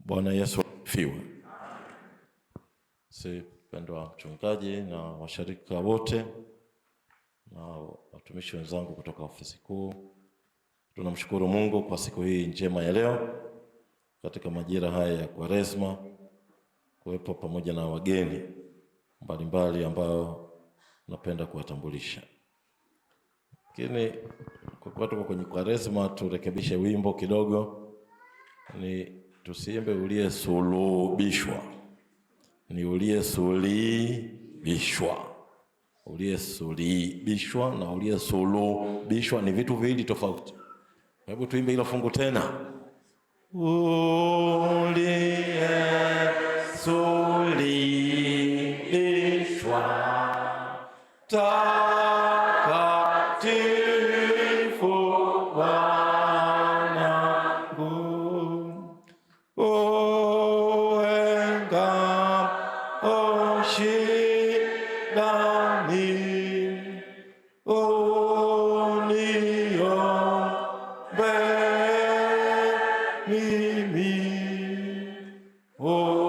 Bwana Yesu asifiwe. Si mchungaji na washirika wote na watumishi wenzangu kutoka ofisi kuu, tunamshukuru Mungu kwa siku hii njema ya leo katika majira haya ya Kwaresma kuwepo pamoja na wageni mbalimbali ambao napenda kuwatambulisha. Lakini kwa kuwa tuko kwenye Kwaresma, turekebishe wimbo kidogo, ni tusiimbe uliyesulubishwa, ni uliyesulibishwa. Uliyesulibishwa na uliyesulubishwa ni vitu viwili tofauti. Hebu tuimbe hilo fungu tena, uliye Taka tilfovanangu 오행감 오시다니 오니요 베미미 오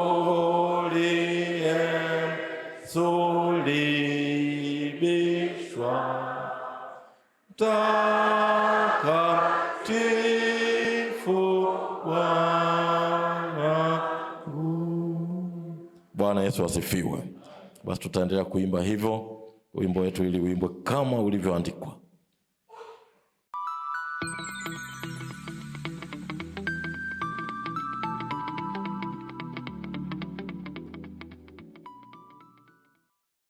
Bwana Yesu asifiwe. Basi tutaendelea kuimba hivyo wimbo wetu ili uimbwe kama ulivyoandikwa.